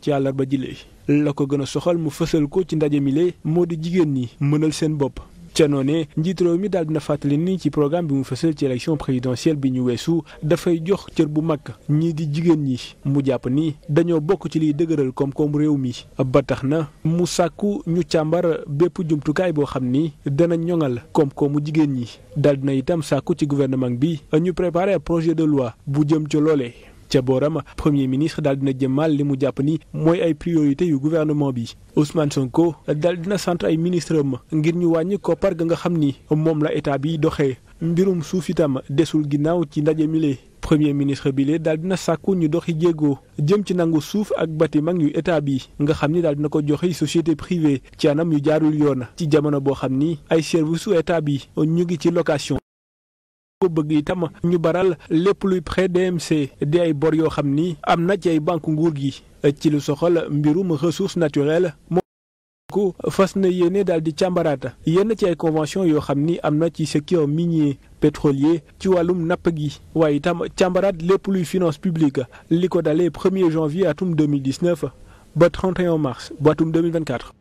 ci àllarba jile la ko gën a soxal mu fësal ko ci ndaje mi le moo di jigéen ñi mënal seen bopp. ca noonee njiit réew mi daal dina fàttali ni ci programme bi mu fësal ci élection présidentielle bi ñu weesu dafay jox cër bu mag ñii di jigéen ñi mu jàpp ni dañoo bokk ci liy dëgëral koom-koom réew mi. ba tax na mu sàkku ñu càmbar bépp jumtukaay boo xam ni dana ñoŋal koom-koomu jigéen ñi daal dina itam sàkku ci gouvernement bi a ñu préparé projet de loi bu jëm ci loolee. ca booram premier ministre daal dina jëmmal li mu jàpp ni mooy ay priorité yu gouvernement bi Ousmane Sonko daal dina sant ay ministre ma ngir ñu wàññi koppar ga nga xam ni moom la état bi doxee mbirum suuf itam desul ginnaaw ci ndaje mile premier ministre bi lee daal dina sàkku ñu doxi jéego jëm ci nangu suuf ak mag yu état bi nga xam ni daal dina ko joxe société privée ci anam yu jaarul yoon ci jamono boo xam ni ay service su état bi ñu ngi ci location ko bëgg itam ñu baral lépp luy prêt DMC di ay bor yoo xam ni am na ci ay banque nguur gi ci lu soxal mbirum ressources naturelles ku fas na yéene daal di càmbaraata yenn ci ay convention yoo xam ni am na ci secteur minier pétrolier ci wàllum napp gi waaye itam càmbaraat lépp luy finance publique li ko dalee 1er janvier atum 2019 ba 31 mars ba atum 2024